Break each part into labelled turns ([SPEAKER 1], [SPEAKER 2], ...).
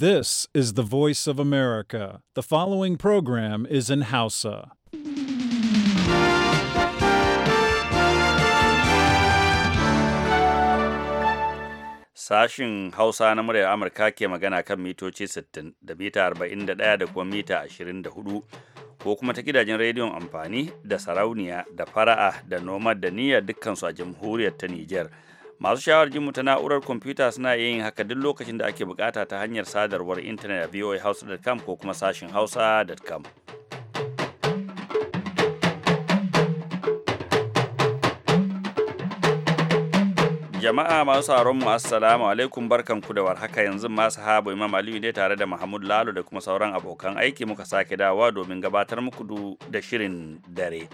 [SPEAKER 1] This is the voice of America. The following program is in
[SPEAKER 2] Hausa. Sashin Hausa na muryar Amurka ke magana kan mitoci 60 da mita 41 da kuma mita 24 ko kuma ta gidajen rediyon amfani da sarauniya da fara'a da nomad da niyyar dukkansu a jamhuriyar ta Nijar. masu shawar jinmu ta na'urar kwamfuta suna yin haka duk lokacin da ake bukata ta hanyar sadarwar intanet a voahouse.com ko kuma sashin hausa.com jama'a masu sauran mu assalamu alaikum barkan ku da warhaka yanzu masu habu imam aliyu ne tare da mahmud lalo da kuma sauran abokan aiki muka sake dawa domin gabatar muku da shirin dare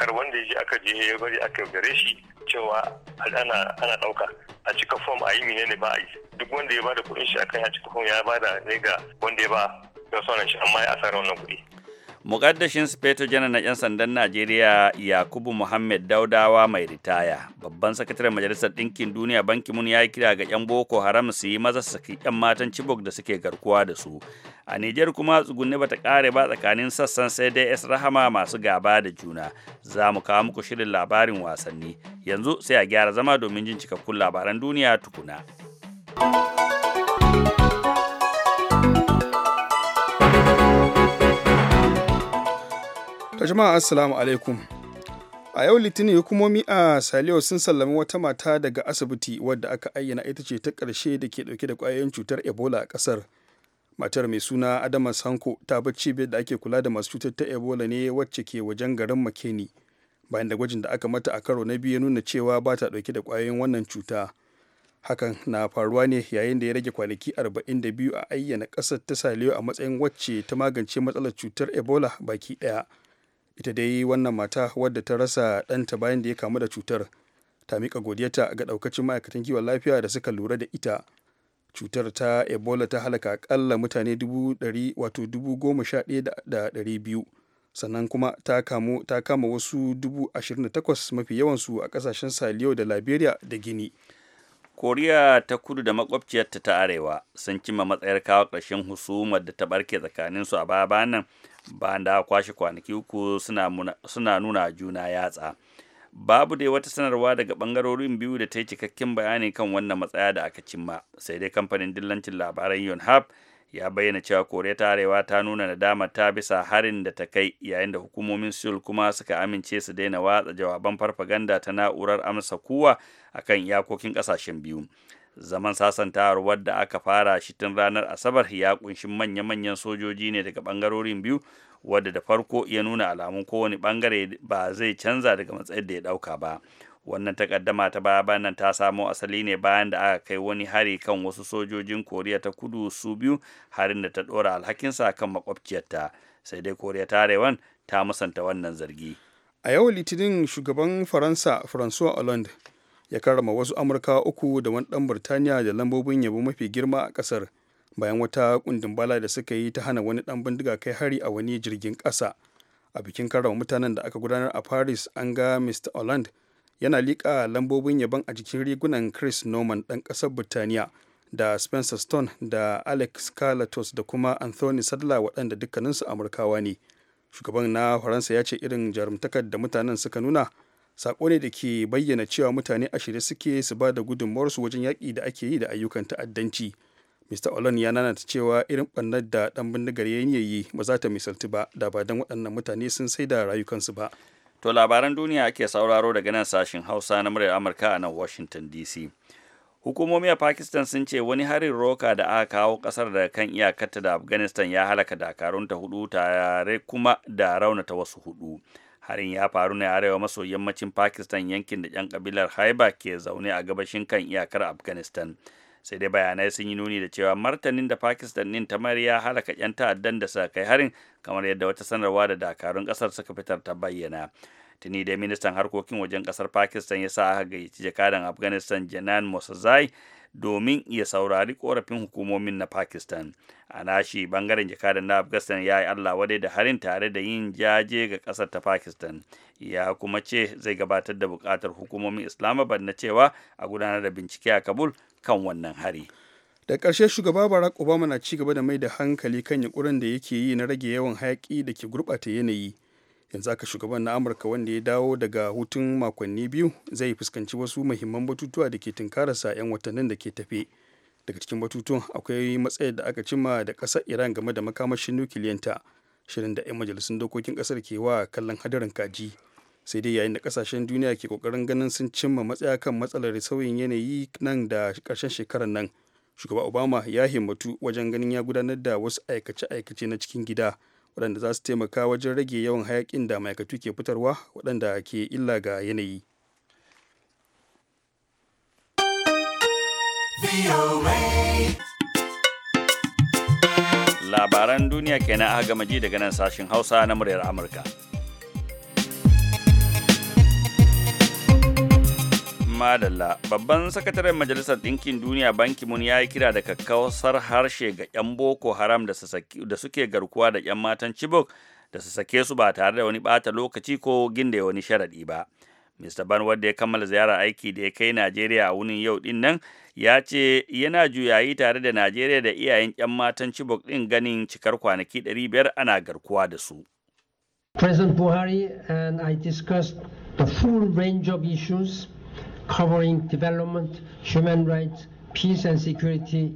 [SPEAKER 3] kar wanda ya je aka je ya bari aka gare shi cewa ana ana dauka a cika form a yi ne ba a yi duk wanda ya bada kuɗin shi akan ya cika form ya bada ne ga wanda ya ba da sauran shi amma ya asara wannan kuɗi
[SPEAKER 2] mukaddashin speto janar na 'yan sandan najeriya yakubu muhammad daudawa mai ritaya babban sakataren majalisar ɗinkin duniya banki mun ya yi kira ga 'yan boko haram su yi maza saki 'yan matan chibok da suke garkuwa da su a nijar kuma tsugunne bata kare ba tsakanin sassan sai dai es rahama masu gaba da juna za mu kawo muku shirin labarin wasanni yanzu sai a gyara zama domin jin cikakkun labaran duniya tukuna.
[SPEAKER 4] To jama'a assalamu alaikum. A yau litinin hukumomi a Saliyo sun sallami wata mata daga asibiti wadda aka ayyana ita ce ta ƙarshe da ke ɗauke da ƙwayoyin cutar Ebola a ƙasar. Matar mai suna Adama Sanko ta bar cibiyar da ake kula da masu cutar ta Ebola ne wacce ke wajen garin Makeni. Bayan da gwajin da aka mata a karo na biyu ya nuna cewa ba ta ɗauke da ƙwayoyin wannan cuta. hakan na faruwa ne yayin da ya rage kwanaki arba'in da biyu a ayyana ƙasar ta saliyo a matsayin wacce ta magance matsalar cutar ebola baki ɗaya ita dai wannan mata wadda ta rasa ɗanta bayan da ya kamu da cutar ta miƙa godiyata ga ɗaukacin ma'aikatan kiwon lafiya da suka lura da ita cutar ta ebola ta halaka akalla mutane wato dubu goma ɗaya da ɗari biyu sannan kuma ta kamu ta kama wasu dubu da takwas mafi yawansu a ƙasashen saliyo da liberia da
[SPEAKER 2] gini koriya ta kudu da makwabciyarta ta arewa sun cimma matsayar kawo ƙarshen husumar da ta barke tsakaninsu a baya nan bayan da kwashe kwanaki uku suna nuna juna yatsa babu dai wata sanarwa daga bangarorin biyu da ta yi cikakken bayani kan wannan matsaya da aka cimma sai dai kamfanin dillancin labaran yonhap ya bayyana cewa koriya ta arewa ta nuna nadama ta bisa harin da ta kai yayin da hukumomin seoul kuma suka amince su daina watsa jawaban farfaganda ta na'urar amsa kuwa akan iyakokin kasashen biyu zaman sasantawar wadda aka fara shi tun ranar asabar ya kunshi manya-manyan sojoji ne daga bangarorin biyu wadda da farko ya nuna alamun kowane bangare ba zai canza daga matsayin da ya dauka ba wannan takaddama ta baya bayan ta samo asali ne bayan da aka kai wani hari kan wasu sojojin koriya ta kudu su biyu harin da ta dora alhakinsa kan makwabciyarta sai dai koriya ta arewan ta musanta wannan zargi
[SPEAKER 4] a yau litinin shugaban faransa francois hollande ya karrama wasu amurka uku da wani dan burtaniya da lambobin yabo mafi girma a kasar bayan wata kundin bala da suka yi ta hana wani dan bindiga kai hari a wani jirgin kasa a bikin karrama mutanen da aka gudanar a paris an ga mr hollande yana liƙa lambobin yabon a jikin rigunan chris norman ɗan ƙasar birtaniya da spencer stone da alex carlatos da kuma anthony sadler waɗanda dukkaninsu amurkawa ne shugaban na faransa ya ce irin jarumtakar da mutanen suka nuna saƙo ne da ke bayyana cewa mutane a shirye suke su ba da gudunmawarsu wajen yaƙi da ake yi da ayyukan ta'addanci mr olon ya nanata cewa irin ɓannar da ɗan bindigar ya yi ba za ta misalti ba da ba don waɗannan mutane sun sai da rayukansu ba
[SPEAKER 2] To labaran duniya ake sauraro daga nan sashin Hausa na muryar Amurka a nan Washington DC. Hukumomi a Pakistan sun ce wani harin roka da aka kawo kasar da kan iyakarta da Afghanistan ya halaka dakarun ta hudu tare kuma da raunata wasu hudu. Harin ya faru ne arewa maso yammacin Pakistan yankin da 'yan kabilar Haiba ke zaune a gabashin kan iyakar Afghanistan. sai dai bayanai sun yi nuni da cewa martanin da pakistan din ta ya halaka 'yan ta'addan da suka kai harin kamar yadda wata sanarwa da dakarun kasar suka fitar ta bayyana tuni dai ministan harkokin wajen kasar pakistan ya sa aka gayyaci jakadan afghanistan janan mosazai domin ya saurari korafin hukumomin na pakistan a nashi bangaren jakadan na afghanistan ya yi allah wadai da harin tare da yin jaje ga kasar ta pakistan ya kuma ce zai gabatar da bukatar hukumomin islamabad na cewa a gudanar da bincike a kabul kan wannan hari
[SPEAKER 4] da ƙarshe shugaba barack obama na ci gaba da mai da hankali kan yankunan da yake yi na rage yawan hayaki da ke gurɓata yanayi yanzu aka shugaban na amurka wanda ya dawo daga hutun makonni biyu zai fuskanci wasu mahimman batutuwa da ke tunkararsa 'yan watannin da ke tafe daga cikin batutuwan akwai matsayar da aka cimma da ƙasar iran game da makamashin nukiliyanta shirin da 'yan majalisun dokokin ƙasar ke wa kallon hadarin kaji sai dai yayin da ƙasashen duniya ke ƙoƙarin ganin sun cimma matsaya kan matsalar sauyin yanayi nan da ƙarshen shekarar nan shugaba obama ya himmatu wajen ganin ya gudanar da wasu aikace-aikace na cikin gida waɗanda za su taimaka wajen rage yawan hayaƙin da ma'aikatu ke fitarwa waɗanda ke illa ga yanayi
[SPEAKER 2] labaran duniya kenan aka gama ji daga nan sashen hausa na muryar amurka Madalla, babban sakataren Majalisar Ɗinkin Duniya Banki Mun ya yi kira da kakkausar harshe ga 'yan Boko Haram da suke garkuwa da 'yan matan Chibok da su sake su ba tare da wani bata lokaci ko ginda wani sharaɗi ba. Mr. Ban wadda ya kammala ziyarar aiki da ya kai Najeriya a wunin yau din nan ya ce yana juyayi tare da Najeriya da iyayen 'yan matan Chibok ɗin ganin cikar kwanaki biyar ana garkuwa da su.
[SPEAKER 5] President Buhari and I discussed the full range of issues covering development, human rights, peace and security,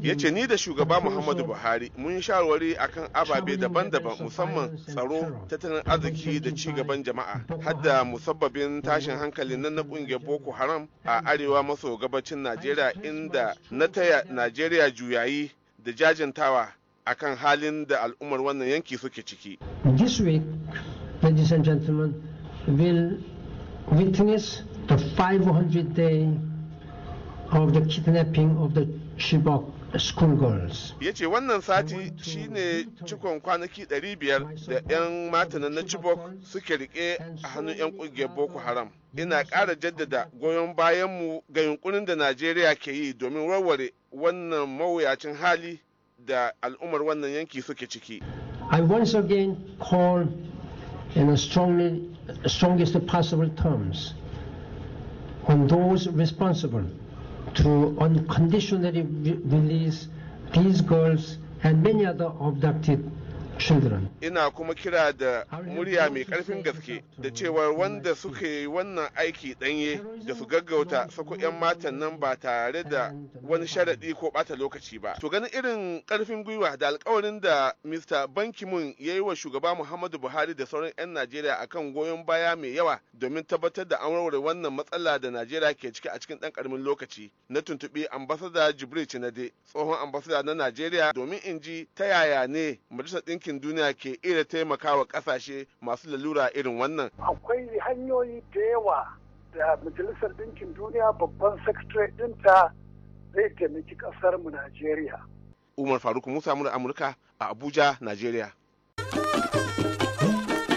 [SPEAKER 6] ya ce ni da shugaba muhammadu buhari mun shawarwari akan ababe daban-daban musamman tsaro tattalin arziki da ci gaban jama'a hadda musabbabin tashin hankalin nan na ƙungiyar boko haram a arewa maso gabacin najeriya inda na taya najeriya juyayi da jajintawa akan halin da al'ummar wannan yanki suke ciki
[SPEAKER 5] this week ladies and gentlemen will witness the 500 day of the kidnapping of the Chibok schoolgirls.
[SPEAKER 6] Ya ce wannan sati shine cikon kwanaki 500 da 'yan matanan na Chibok suke rike a hannun 'yan kungiyar Boko Haram. Ina ƙara jaddada goyon bayanmu ga yunkurin da Najeriya ke yi domin warware wannan mawuyacin hali da al'ummar wannan yanki suke ciki.
[SPEAKER 5] I once again call in the strongest possible terms on those responsible to unconditionally release these girls and many other abducted
[SPEAKER 6] Ina kuma kira da murya mai karfin gaske da cewar wanda suka yi wannan aiki danye da su gaggauta sako 'yan matan nan ba tare da wani sharaɗi ko ɓata lokaci ba. To ganin irin karfin gwiwa da alkawarin da Mr. bankimun mun ya yi wa shugaba Muhammadu Buhari da sauran 'yan Najeriya akan goyon baya mai yawa domin tabbatar da an warware wannan matsala da Najeriya ke ciki a cikin ɗan ƙaramin lokaci. Na tuntuɓi ambasada Jibril Cinade, tsohon ambasada na Najeriya domin in ji ta yaya ne majalisar ɗinkin bankin duniya ke iya taimakawa ƙasashe masu lalura irin wannan?
[SPEAKER 7] Akwai hanyoyi da yawa da Majalisar Ɗinkin Duniya babban sakatare ɗinta zai taimaki ƙasar mu Najeriya.
[SPEAKER 6] Umar Faruk Musa Amurka a Abuja, Najeriya.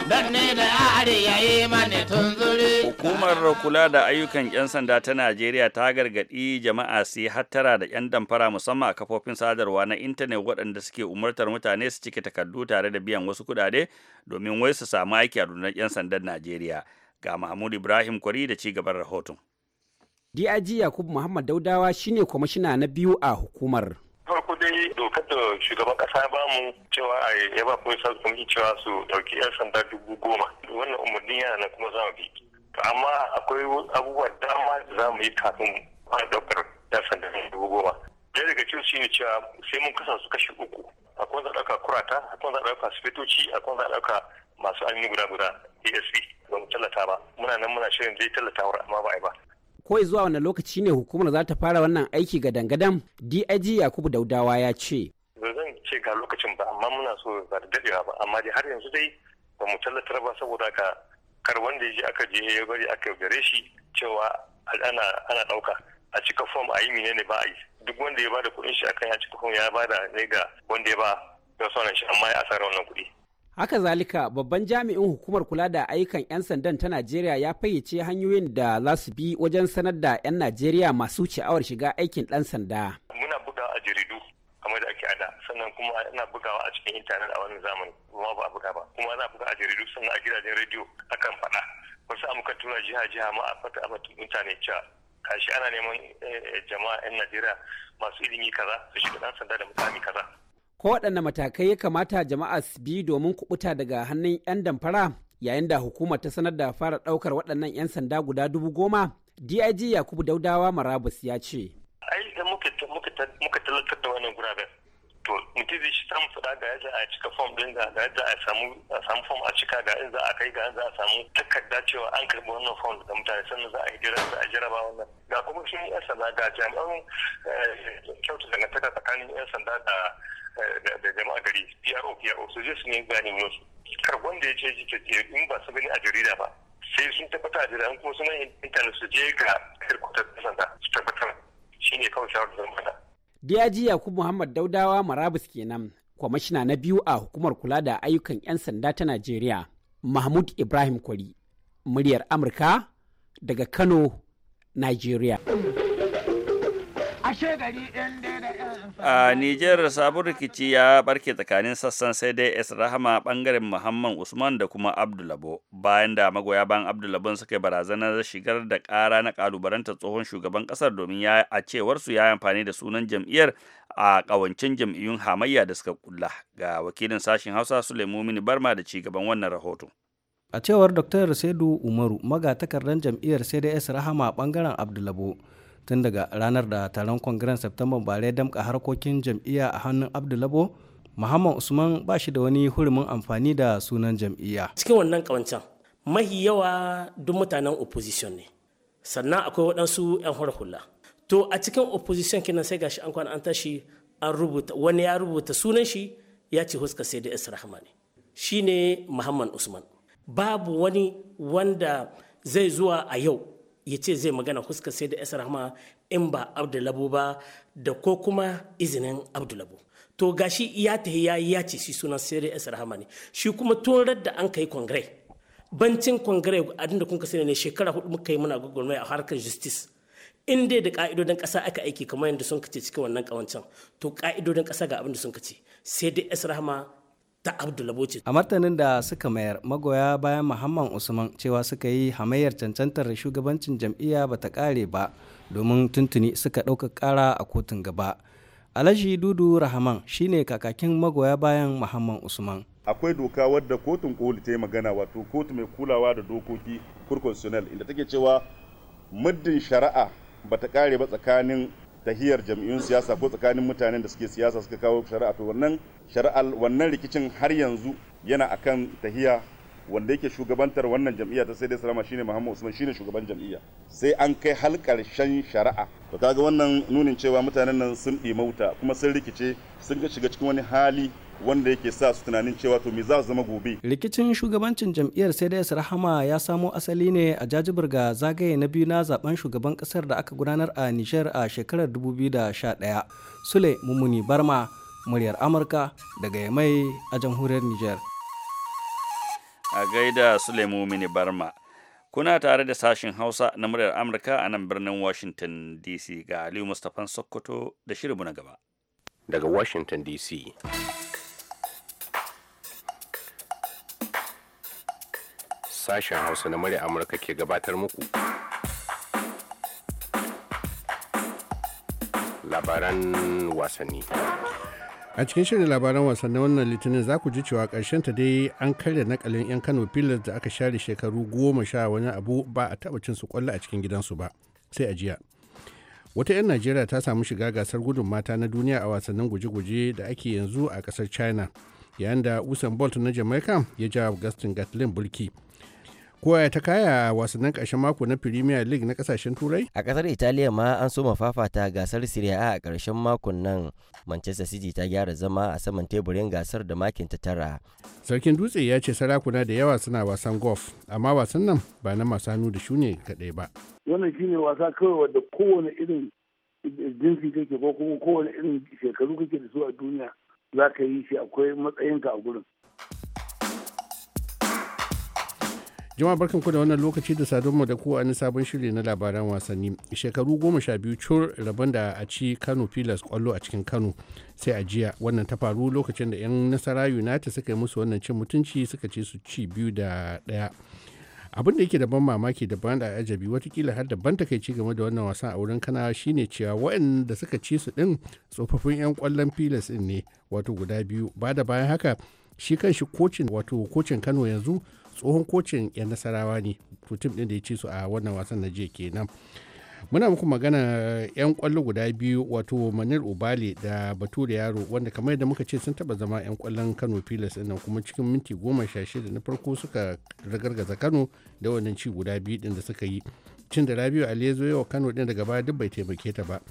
[SPEAKER 7] don da ya yi mani tunzuri.
[SPEAKER 2] Hukumar kula da ayyukan 'yan sanda ta Najeriya ta gargaɗi jama'a su yi hattara da 'yan damfara musamman a kafofin sadarwa na intanet waɗanda suke umartar mutane su cike takardu tare da biyan wasu kuɗaɗe domin wai su samu aiki a rundunar 'yan sandan Najeriya. Ga Mahmud Ibrahim Kwari da ci gaban rahoton.
[SPEAKER 5] DIG Yakubu Muhammad Daudawa shine kwamishina na biyu a hukumar.
[SPEAKER 3] misali dokar da shugaban kasa ya bamu cewa a ba kuma sa kuma cewa su dauki yan sanda dubu goma wannan umarni yana nan kuma za mu bi amma akwai abubuwa dama da za mu yi kafin a daukar yan sanda dubu goma ɗaya daga cikin su ne cewa sai mun kasa su kashe uku akwai za a ɗauka kurata akwai za a ɗauka sifitoci akwai za a ɗauka masu ainihin guda guda asp ba mu tallata ba muna nan muna shirin zai tallata amma ba a yi ba
[SPEAKER 5] kawai zuwa wani lokaci ne hukumar za ta fara wannan aiki ga dangadan dig yakubu daudawa ya ce
[SPEAKER 3] ba zan ce ga lokacin ba amma muna so ba da dadewa ba amma dai har yanzu dai ba mu tallatar ba saboda ka kar wanda ya je aka je ya bari aka gare shi cewa ana ana dauka a cika fom a yi menene ba a yi duk wanda ya bada kuɗin shi akan ya cika fom ya bada ne ga wanda ya ba da sauran shi amma ya asara wannan kuɗi
[SPEAKER 5] Haka zalika babban jami'in hukumar kula da ayyukan 'yan sandan ta Najeriya ya fayyace hanyoyin da za su bi wajen sanar da 'yan Najeriya masu sha'awar shiga aikin ɗan sanda.
[SPEAKER 3] Muna bugawa a jaridu kamar da ake ada sannan kuma ana bugawa a cikin intanet a wannan zamani kuma ba a buga ba kuma ana buga a jaridu sannan a gidajen rediyo akan faɗa wasu muka tura jiha-jiha ma a fata a mutane cewa kashi ana neman eh, eh, jama'a 'yan Najeriya masu ilimi kaza su shiga ɗan sanda da mutane kaza.
[SPEAKER 5] ko matakai ya kamata jama'a su bi domin kubuta daga hannun 'yan damfara yayin da hukumar ta sanar da fara ɗaukar waɗannan 'yan sanda guda dubu goma dig yakubu daudawa marabus ya ce ai idan muka
[SPEAKER 3] talakar da wannan guraben to mutum zai samu faɗa ga yadda a cika fom ɗin ga yadda a samu fom a cika ga in za a kai ga in za a samu takarda cewa an karɓi wannan fom da mutane sannan za a yi jira za a jaraba wannan ga kuma shi 'yan sanda ga jami'an eh, kyautu dangantaka tsakanin 'yan sanda da da jama'a gari PRO PRO su je su ne gani gane su kar wanda ya ce jike in ba su gani a jarida ba sai sun tabbata a jarida ko suna intanet su je ga hirkutar sanda su tabbatar
[SPEAKER 5] ne kawai shawar da zan Diyaji Yakub Muhammad Daudawa Marabus kenan, kwamishina na biyu a hukumar kula da ayyukan 'yan sanda ta Najeriya, Mahmud Ibrahim Kwari, muryar Amurka daga Kano, Najeriya.
[SPEAKER 2] a Nijar sabon rikici ya barke tsakanin sassan sai dai es rahama bangaren Muhammad Usman da kuma Abdulabo bayan da magoya bayan Abdulabon suka barazanar shigar da ƙara na kalubaranta tsohon shugaban ƙasar domin ya a cewar su ya amfani da sunan jam'iyyar a ƙawancin jam'iyyun hamayya da suka kulla ga wakilin sashen Hausa Sulaimu Mini Barma da ci gaban wannan rahoto.
[SPEAKER 1] A cewar Dr. Saidu Umaru magatakardar jam'iyyar CDS Rahama bangaren Abdulabo tun daga ranar da taron kongiren september ba ya damka harkokin jam'iyya a hannun abdulabo muhammad usman ba shi da wani hurumin amfani da sunan jam'iyya cikin
[SPEAKER 5] wannan kawancan mahi yawa duk mutanen opposition ne sannan akwai waɗansu 'yan hula to a cikin opposition kinan sai gashi an kwana an tashi an rubuta wani ya rubuta sunan shi ya ce huska sai da isra ne shine muhammad usman babu wani wanda zai zuwa a yau ya ce zai magana kuska sai da yasar rahama in ba abdulabu ba da ko kuma izinin abdulabu to gashi ya tahi ya ya ce shi sunan sai da yasar rahama ne shi kuma tun da an kai kongre bancin kongre abinda kun sani ne shekara hudu muka yi muna gwagwarmaya a harkar justice in dai da ka'idodin ƙasa aka aiki kamar yadda sun kace cikin wannan kawancin to ka'idodin ƙasa ga abin da sun kace sai dai yasar rahama ta abdulaboci
[SPEAKER 1] a martanin da suka mayar magoya bayan muhammad usman cewa suka yi hamayyar cancantar shugabancin jam'iyya ba ta kare ba domin tuntuni suka ɗauka kara a kotun gaba alhaji dudu rahman shine kakakin magoya bayan muhammad usman
[SPEAKER 6] akwai doka wadda kotun koli ta yi magana wato kotu mai kulawa da dokoki kurkonsunel inda take cewa muddin shari'a bata kare ba tsakanin tahiyar jam'iyyun siyasa ko tsakanin mutanen da suke siyasa suka kawo shari'a to wannan shari'al wannan rikicin har yanzu yana akan tahiya wanda yake shugabantar wannan jam'iyya ta sai dai salama shine Muhammad Usman shine shugaban jam'iyya sai an kai hal karshen shari'a to kaga wannan nunin cewa mutanen nan sun wuta kuma sun rikice sun shiga cikin wani hali wanda yake sa su tunanin cewa to me za su zama gobe. Rikicin
[SPEAKER 1] shugabancin jam'iyyar sai Rahama ya samo asali ne a ga zagaye na biyu na zaben shugaban kasar da aka gudanar a Nijar a shekarar 2011. Sule Mumuni Barma, muryar Amurka daga Yamai a jamhuriyar Nijar.
[SPEAKER 2] A gaida Sule Mumuni Barma. Kuna tare da sashin Hausa na muryar Amurka a nan birnin Washington DC ga Aliyu Mustapha Sokoto da shirin na gaba.
[SPEAKER 8] Daga Washington DC. sashen hausa na murya amurka ke gabatar muku labaran wasanni a cikin shirin labaran wasannin wannan litinin za ku ji cewa ta dai an karya nakalin 'yan kano pillars da aka share shekaru goma sha wani abu ba a taɓa cin su kwallo a cikin gidansu ba sai a jiya wata 'yan najeriya ta samu shiga gasar gudun mata na duniya a wasannin guje-guje da ake yanzu a ƙasar china yayin da usain bolt na jamaica ya ja gastin gatlin bulki kowa ta kaya wasannin ƙarshen mako na premier league na ƙasashen turai a
[SPEAKER 9] ƙasar italiya ma an soma fafata gasar serie a a ƙarshen makon nan manchester city ta gyara
[SPEAKER 8] zama a saman teburin gasar da makin ta tara sarkin dutse ya ce sarakuna da yawa suna wasan golf amma wasan nan ba na masu hannu da shune kaɗai ba
[SPEAKER 7] wannan shine wasa kawai wadda kowane irin jinsi kake ko kuma kowane irin shekaru kake da su a duniya za ka yi shi akwai matsayinka a gurin
[SPEAKER 8] Jama'a barkan ku da wannan lokaci da sadonmu da ku wani sabon shiri na labaran wasanni. Shekaru goma sha biyu cur rabon da a ci Kano Pilas kwallo a cikin Kano sai a jiya wannan ta faru lokacin da 'yan nasara United suka yi musu wannan cin mutunci suka ce su ci biyu da daya abin da yake da ban mamaki daban ban da ajabi watakila har ta kai takaici game da wannan wasan a wurin kana shine cewa waɗanda suka ci su ɗin tsofaffin 'yan kwallon pilas ɗin ne wato guda biyu ba da bayan haka shi kan shi kocin wato kocin kano yanzu tsohon kocin 'yan nasarawa ne tim ɗin da ya ci su a wannan wasan na jiya kenan muna muku magana 'yan kwallo guda biyu wato manil ubale da bature yaro wanda kamar yadda muka ce sun taba zama 'yan kwallon kano pilas nan kuma cikin minti goma sha shida na farko suka ragargaza kano da wannan ci guda biyu ɗin da suka yi cin da rabiu ali ya zo yawa kano din daga baya duk bai taimake ta ba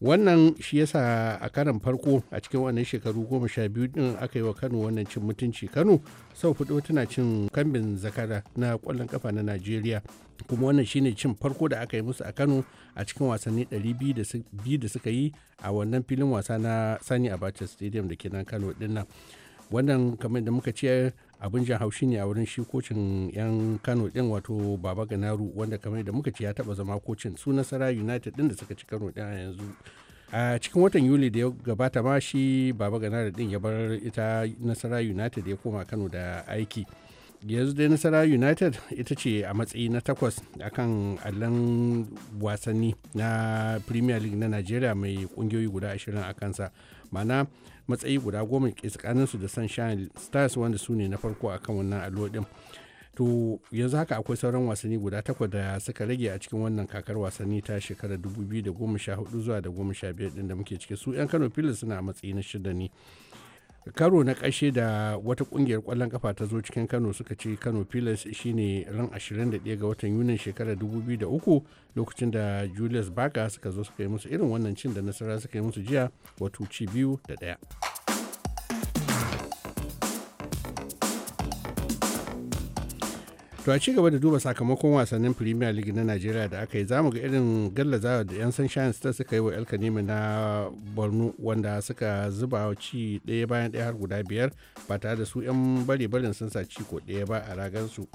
[SPEAKER 8] wannan shi yasa a karan farko a cikin wannan shekaru goma sha biyu din aka yi wa kano wannan cin mutunci kano sau fudo tana cin kambin zakara na kwallon kafa na najeriya kuma wannan shine cin farko da aka yi musu a kano a cikin wasanni 200 da suka yi a wannan filin wasa na sani abacha stadium da ke nan kano dinnan wannan kamar da muka ce abin jan haushi ne a wurin shi kocin yan kano din wato baba ganaru wanda kamar da muka ce ya taba zama kocin su nasara united din da suka ci kano din a yanzu a cikin watan yuli da ya gabata ma shi baba ganaru din ya bar ita nasara united ya koma kano da aiki yanzu dai nasara united ita ce a matsayi na takwas akan allon wasanni na premier league na nigeria mai kungiyoyi guda ashirin a kansa mana matsayi guda goma ke tsakaninsu da sunshine stars wanda su ne na farko a kan wannan allo din to yanzu haka akwai sauran wasanni guda takwas da suka rage a cikin wannan kakar wasanni ta shekarar 2014 zuwa da 15 din da muke ciki su 'yan kano pilis suna matsayi na shida ne karo na ƙashe da wata kungiyar kwallon kafa ta zo cikin kano suka ce kano pilas shine ran 21 ga watan yunin shekarar 2003 lokacin da julius baka suka zo suka yi musu irin wannan cin da nasara suka yi musu jiya wato ci biyu da ɗaya. To a ci gaba da duba sakamakon wasannin Premier League na Najeriya da aka yi zamu ga irin gallazawa da 'yan Sunshine Stars suka yi wa El Kanimi na Borno wanda suka zuba ci ɗaya bayan ɗaya har guda biyar ba tare da su 'yan bari barin sun sa ci ko ɗaya ba a ragansu.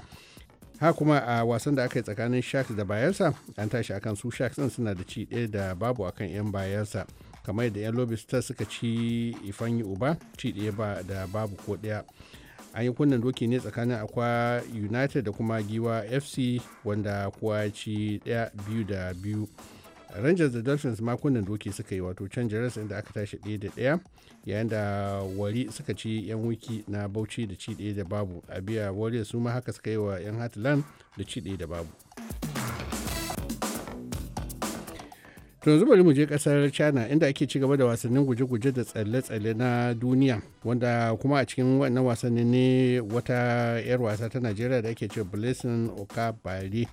[SPEAKER 8] ha kuma a wasan da aka yi tsakanin sharks da bayelsa an tashi akan su sharks din suna da ci ɗaya da babu akan 'yan bayelsa kamar yadda 'yan lobster suka ci ifanyi uba ci ɗaya ba da babu ko ɗaya an yi kunnen doki ne tsakanin akwa united da kuma giwa fc wanda kuwa ci daya biyu da biyu rangers da dolphins ma kunnen doki suka yi wato can jaras inda aka tashi ɗaya da ɗaya yayin da wari suka ci yan wiki na bauchi da ci ɗaya da babu a biya da su ma haka suka yi wa yan hatland da ci ɗaya da babu to bari mu je kasar china inda ake ci gaba da wasannin guje-guje da tsalle-tsalle na duniya wanda kuma a cikin wannan wasanni ne wata 'yar wasa ta najeriya da ake ce blessing okabari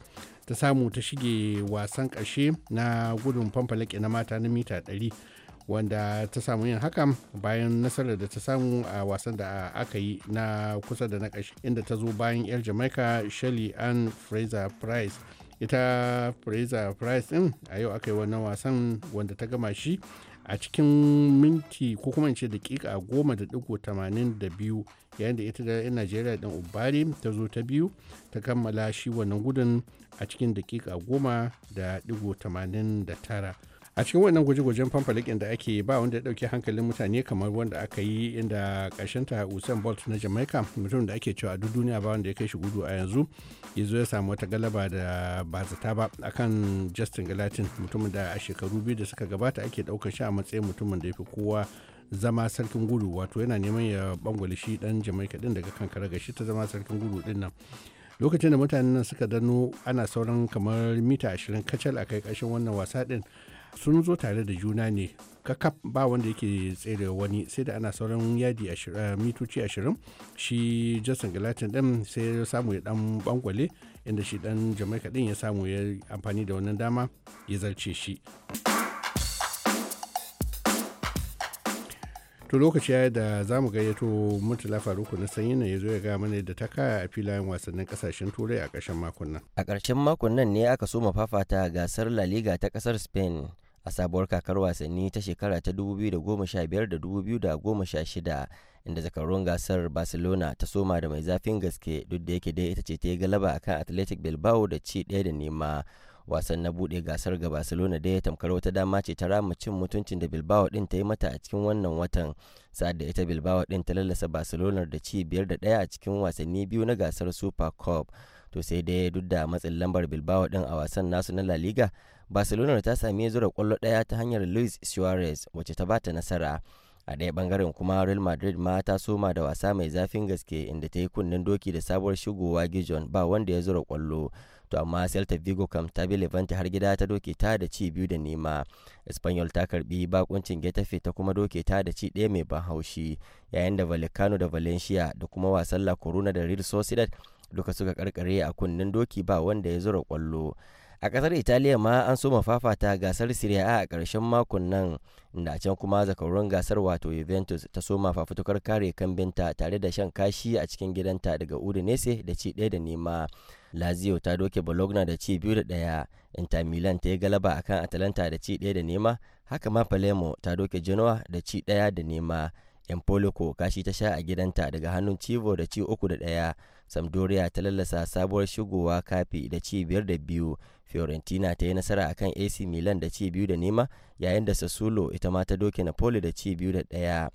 [SPEAKER 8] ta samu ta shige wasan ƙarshe na gudun famfalake na mata na mita 100 wanda ta samu yin hakan bayan nasarar da ta samu a wasan da aka yi na kusa da na ƙarshe inda ta zo bayan 'yar jamaica shelly ann fraser price ita fraser price din a yau aka yi wannan wasan wanda ta gama shi a cikin minti ko kuma in ce dakika goma da digo tamanin da biyu yayin da ita da yan najeriya din ubari ta zo ta biyu ta kammala shi wannan gudun a cikin dakika goma da digo tamanin da tara a cikin wannan guje-gujen famfalikin da ake ba wanda ya dauki hankalin mutane kamar wanda aka yi inda ta usain bolt na jamaica mutum da ake cewa duk duniya ba wanda ya kai shi gudu a yanzu ya zo ya samu wata galaba da ba zata ba akan justin galatin mutumin da a shekaru biyu da suka gabata ake daukar shi a matsayin mutumin da ya fi kowa zama sarkin gudu wato yana neman ya bangwale shi dan jamaica din daga kan karaga shi ta zama sarkin gudu din nan lokacin da mutanen nan suka dano ana sauran kamar mita 20 kacal a kai ƙarshen wannan wasa din sun zo tare da juna ne kakaf ba wanda yake tsere wani sai da ana sauran yadi eh, mitoci ashirin shi justin galatin din sai ya samu ya dan bankwale inda shi dan jamaika din ya samu ya amfani da wannan dama ya zarce shi to lokaci ya da za mu gayyato murtala faruku na sanyi na ya zo ya ga mana da ta kaya a filayen wasannin kasashen turai a ƙarshen makon nan
[SPEAKER 9] a ƙarshen makon nan ne aka soma fafata gasar la liga ta ƙasar spain a sabuwar kakar wasanni ta shekara ta 2015 da 2016 inda zakarun gasar barcelona ta soma da mai zafin gaske duk da yake dai ita ce ta yi galaba akan athletic bilbao da ci ɗaya da nema wasan na buɗe gasar ga barcelona da ya tamkar wata dama ce ta rama cin mutuncin da bilbao din ta yi mata a cikin wannan watan sa'ad da ita bilbao din ta lallasa barcelona da ci biyar da ɗaya a cikin wasanni biyu na gasar super cup to sai dai duk da matsin lambar bilbao din a wasan nasu na la liga barcelona ta sami zura kwallo daya ta hanyar luis suarez wacce ta bata nasara a ɗaya bangaren kuma real madrid ma ta soma da wasa mai zafin gaske inda ta yi kunnen doki da sabuwar shigowa gijon ba wanda ya zura kwallo to amma celta vigo kam ta bi levante har gida ta doke ta da ci biyu da nema espanyol ta karbi bakuncin getafe ta kuma doke ta da ci daya mai ban haushi yayin da vallecano da valencia da kuma wasan la corona da real sociedad duka suka karkare a kunnen doki ba wanda ya zura kwallo a kasar italiya ma an soma fafata gasar serie a karshen makon nan inda can kuma zakarun gasar wato juventus ta soma fafutukar kare kambinta tare da shan kashi a cikin gidanta daga udinese da ci daya da nema lazio ta doke bologna da ci biyu da ɗaya inter milan ta yi galaba akan atalanta da ci ɗaya da nema haka ma palermo ta doke genoa da ci ɗaya da nema empoli ko kashi ta sha a gidanta daga hannun civo da ci uku da daya. Sampdoria ta lallasa sabuwar shigowa kafi da ci biyar da biyu. Fiorentina ta yi nasara akan AC Milan da ci biyu da nema yayin da Sassuolo ita ma ta doke Napoli da ci biyu da ɗaya.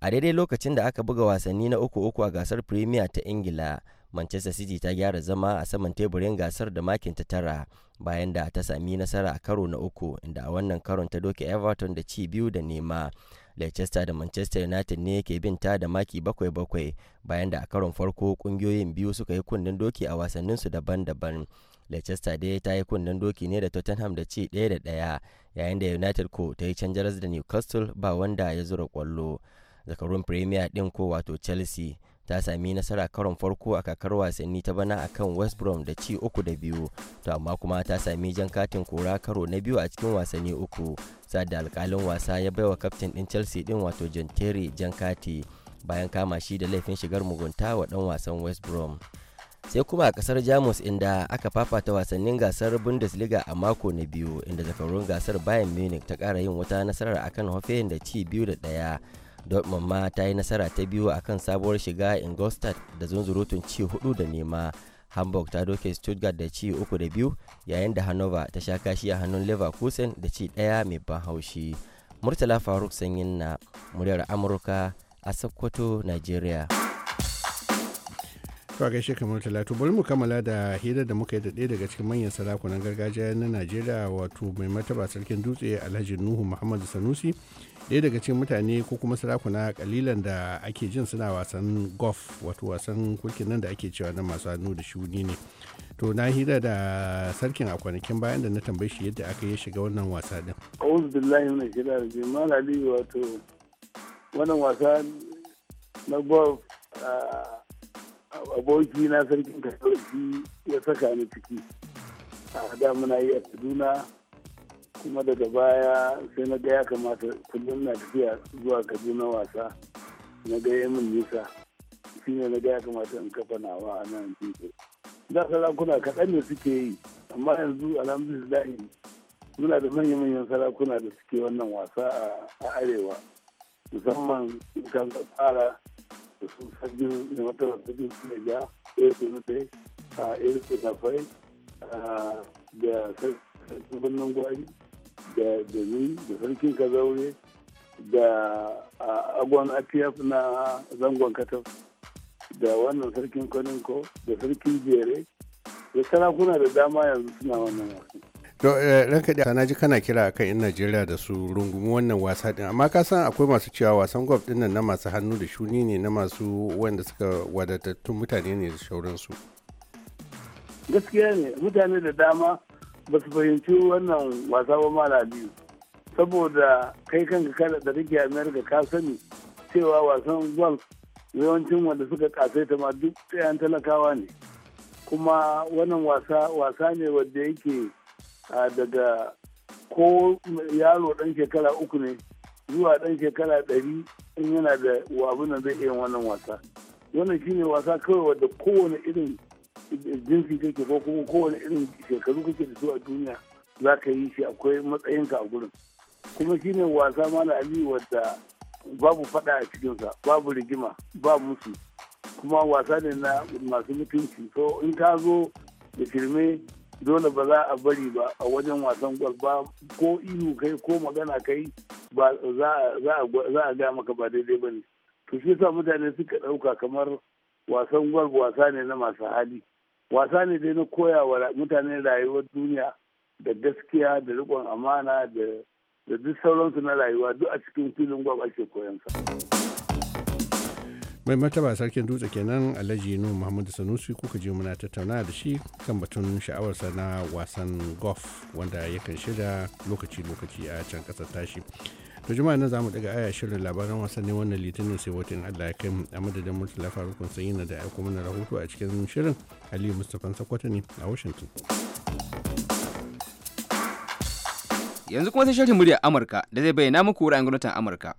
[SPEAKER 9] A daidai lokacin da aka buga wasanni na uku uku a gasar Premier ta Ingila, Manchester City ta gyara zama a saman teburin gasar da makin ta tara bayan da ta sami nasara a karo na uku inda a wannan karon ta doke Everton da ci biyu da nema. leicester da manchester united ne ke bin ta da maki bakwai bakwai bayan da a karon farko kungiyoyin biyu suka yi kundin doki a wasanninsu daban-daban leicester dai ta yi kundin doki ne da tottenham da ci ɗaya da ɗaya yayin da united ko ta yi canjaras da newcastle ba wanda ya zura kwallo zakarun premier din ko wato chelsea ta sami nasara karon farko a kakar wasanni ta bana akan west brom da ci uku da biyu to amma kuma ta sami jan katin kora karo na biyu a cikin wasanni uku sada alkalin wasa ya baiwa kaftin din chelsea din wato john terry jan kati bayan kama shi da laifin shigar mugunta wa dan wasan west brom sai kuma a kasar jamus inda aka fafata wasannin gasar bundesliga a mako na biyu inda zakarun gasar bayan munich ta kara yin wata nasarar akan hoffenheim da ci biyu da daya dortmund ma ta yi nasara ta biyu a kan sabuwar shiga ingolstadt da zunzurutun ci hudu da nema hamburg ta doke stuttgart da ci uku da biyu yayin da hannover ta sha kashi a hannun leverkusen da ci daya mai ban haushi murtala faruk sanyin na muryar amurka
[SPEAKER 8] a sokoto nigeria a gaishe kamar talatu bari mu kammala da hira da muka yi da daga cikin manyan sarakunan gargajiya na najeriya wato mai mataba sarkin dutse alhaji nuhu muhammadu sanusi ɗaya daga cikin mutane ko kuma sarakuna kalilan da ake jin suna wasan golf wato wasan kulkin nan da ake cewa na masu hannu da shuni ne to na hira da sarkin a kwanakin bayan da na tambayi shi yadda aka yi shiga wannan wasa din
[SPEAKER 7] a'udhu billahi minash shaitanir rajim malali wato wannan wasa na golf ah, aboki na sarkin kasuwanci ya saka ni ciki a ah, da muna yi a kaduna kuma daga baya sai na ga ya kamata kullum na tafiya zuwa kaduna wasa na ga min nisa shi ne na ga ya kamata in kafa nawa a nan dutse za sarakuna kaɗan ne suke yi amma yanzu alhamdulillahi muna da manyan manyan sarakuna da suke wannan wasa a arewa musamman kan tsara da sun sajin da matawar sajin su ne ja irfe mutai a irfe nafai da sarki birnin gwari da ni da sarkin zaure da agon atiyaf na zangon Katau da wannan sarkin kwaninko da sarkin jere da sarakuna da dama yanzu suna wannan wasu
[SPEAKER 8] eh, ranka da na ji kana kira akan yan najeriya da su rungumi wannan wasa din amma ka san akwai masu cewa wasan golf din na masu hannu da shuni ne na masu wanda suka wadatattun mutane ne da shauransu
[SPEAKER 7] gaskiya ne mutane da dama ba su fahimci wannan wasa ba mala biyu saboda kai kanka kada da rike america ka sani cewa wasan golf yawancin wanda suka kasaita ma duk tsayan talakawa ne kuma wannan wasa wasa ne wanda yake daga ko yaro dan shekara uku ne zuwa dan shekara ɗari in yana da wabunan zai iya wannan wasa wannan shine wasa kawai wadda kowane irin jinsi ke ko kuma kowane irin shekaru kake da su a duniya za ka yi shi akwai matsayinka a gurin kuma shi ne wasa mala abi wadda babu fada a cikinsa babu rigima ba musu kuma wasa ne na masu mutunci so in ka zo da firme dole ba za a bari ba a wajen wasan gwal ba ko ihu kai ko magana kai ba za a ga maka ba daidai ba ne to shi sa mutane suka ɗauka kamar wasan gwal wasa ne na masu hali wasa ne dai na koya wa mutane rayuwar duniya da gaskiya da rikon amana da duk sauransu na rayuwa duk a cikin filin gwab ake koyansa.
[SPEAKER 8] mai martaba sarkin dutse kenan alhaji nu muhammadu sanusi kuka je muna tattauna da shi kan batun sha'awarsa na wasan golf wanda yakan shida lokaci-lokaci a can kasar tashi to juma'a nan zamu daga aya shirin labaran wasanni wannan litinin sai watan Allah ya kai mu a madadin murtala farukun sanyi da aiko mana rahoto a cikin shirin Aliyu Mustapha sakwata ne a Washington.
[SPEAKER 10] Yanzu kuma sai shirin muryar Amurka da zai bayyana muku ra'ayin gwamnatin Amurka.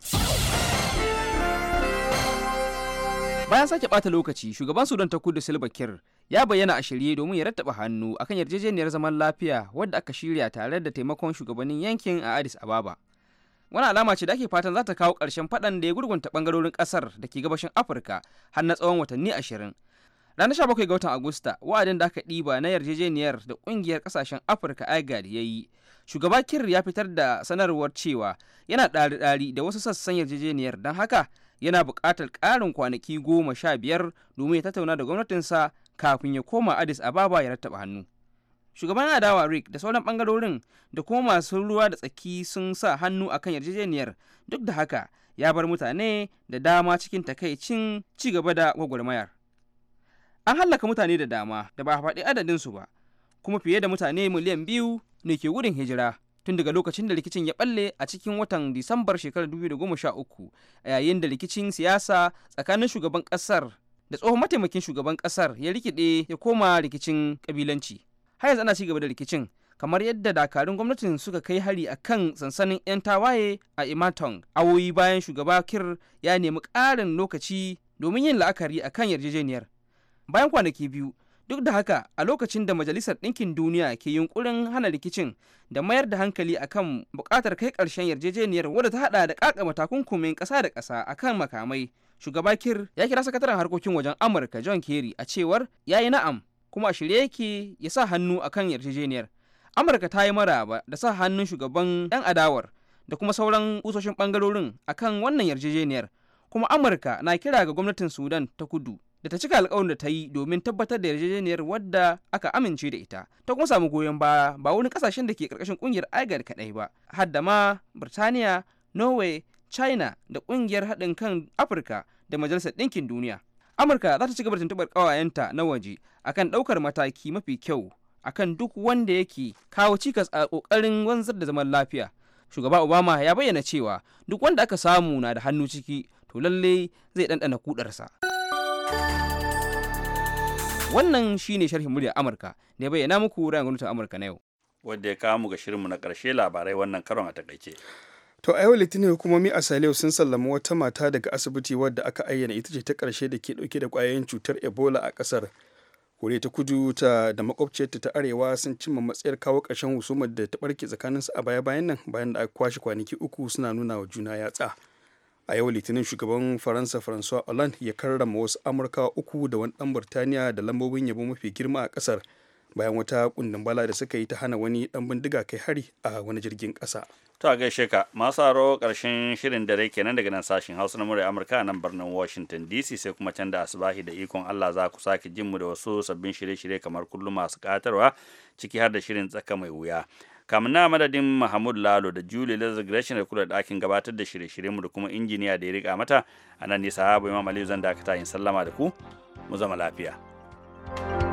[SPEAKER 10] Bayan sake bata lokaci, shugaban Sudan ta kudu Silva kir ya bayyana a shirye domin ya rattaba hannu akan yarjejeniyar zaman lafiya wadda aka shirya tare da taimakon shugabannin yankin a Addis Ababa. wani alama ce da ake fatan za ta kawo ƙarshen faɗan da ya gurgunta ɓangarorin ƙasar da ke gabashin afirka har na tsawon watanni ashirin ranar 17 ga watan agusta wa'adin da aka ɗiba na yarjejeniyar da ƙungiyar ƙasashen afirka igad ya yi shugaba kir ya fitar da sanarwar cewa yana ɗari-ɗari da wasu sassan yarjejeniyar don haka yana buƙatar ƙarin kwanaki goma sha biyar domin ya tattauna da gwamnatinsa kafin ya koma addis ababa ya rattaba hannu shugaban adawa rick da sauran bangarorin da kuma masu ruwa da tsaki sun sa hannu akan yarjejeniyar duk da haka ya bar mutane da dama cikin takaicin ci gaba da gwagwarmayar an hallaka mutane da dama da ba a faɗi adadinsu ba kuma fiye da mutane miliyan biyu ne ke gudun hijira tun daga lokacin da rikicin ya balle a cikin watan disambar shekarar 2013 a yayin da rikicin siyasa tsakanin shugaban ƙasar da tsohon mataimakin shugaban ƙasar ya rikide ya koma rikicin kabilanci. har yanzu ana ci gaba da rikicin kamar yadda dakarun gwamnatin suka kai hari a kan sansanin 'yan tawaye a imatong awoyi bayan shugaba kir ya nemi ƙarin lokaci domin yin la'akari a kan yarjejeniyar bayan kwanaki biyu duk da haka a lokacin da majalisar ɗinkin duniya ke yunkurin hana rikicin da mayar da hankali a kan buƙatar kai ƙarshen yarjejeniyar wadda ta haɗa da ƙaƙaba takunkumin ƙasa da ƙasa a kan makamai shugaba kir ya kira sakataren harkokin wajen amurka john kerry a cewar ya yi na'am kuma a shirye yake ya sa hannu akan yarjejeniyar amurka ta yi mara ba da sa hannun shugaban yan adawar da kuma sauran kusoshin bangarorin akan wannan yarjejeniyar kuma amurka na kira ga gwamnatin sudan ta kudu da ta cika alkawarin da ta yi domin tabbatar da yarjejeniyar wadda aka amince da ita ta kuma samu goyon baya ba wani kasashen da ke karkashin kungiyar aigar kadai ba har da ma birtaniya norway china da kungiyar haɗin kan afirka da majalisar ɗinkin duniya amurka za ta ci gaba da tuntuɓar ƙawayenta na waje akan ɗaukar mataki mafi kyau akan duk wanda yake kawo cikas a ƙoƙarin wanzar da zaman lafiya shugaba obama ya bayyana cewa duk wanda aka samu na da hannu ciki to lalle zai ɗanɗana kudarsa wannan shine
[SPEAKER 2] sharhin murya amurka da ya bayyana muku ra'ayin gwamnatin amurka na yau wanda ya kawo mu ga shirinmu na ƙarshe labarai wannan karon a takaice
[SPEAKER 4] To a yau litinin hukumomi a Saliu sun sallami wata mata daga asibiti wadda aka ayyana ita ce ta karshe da ke ɗauke da ƙwayoyin cutar Ebola a kasar. Kure ta kudu ta da makwabciyarta ta arewa sun cimma matsayar kawo ƙarshen husumar da ta ɓarke tsakaninsu a baya-bayan nan bayan da aka kwashe kwanaki uku suna nuna wa juna yatsa. A yau litinin shugaban Faransa François Hollande ya karrama wasu Amurkawa uku da wani ɗan Burtaniya da lambobin yabo mafi girma a kasar. bayan wata bala da suka yi ta hana wani dan bindiga kai hari a wani jirgin
[SPEAKER 2] kasa. To a gaishe ka masu haro karshen shirin dare kenan daga nan sashen Hausa na murya Amurka a nan birnin Washington DC sai kuma can da asibahi da ikon Allah za ku sake jin mu da wasu sabbin shirye-shirye kamar kullum masu katarwa ciki har da shirin tsaka mai wuya. kamun na madadin Mahmud Lalo da Julie Lazar Gresham da kula da ɗakin gabatar da shirye mu da kuma injiniya da ya rika mata a nan ne sahabu Imam Aliyu zan dakata in sallama da ku mu zama lafiya. thank you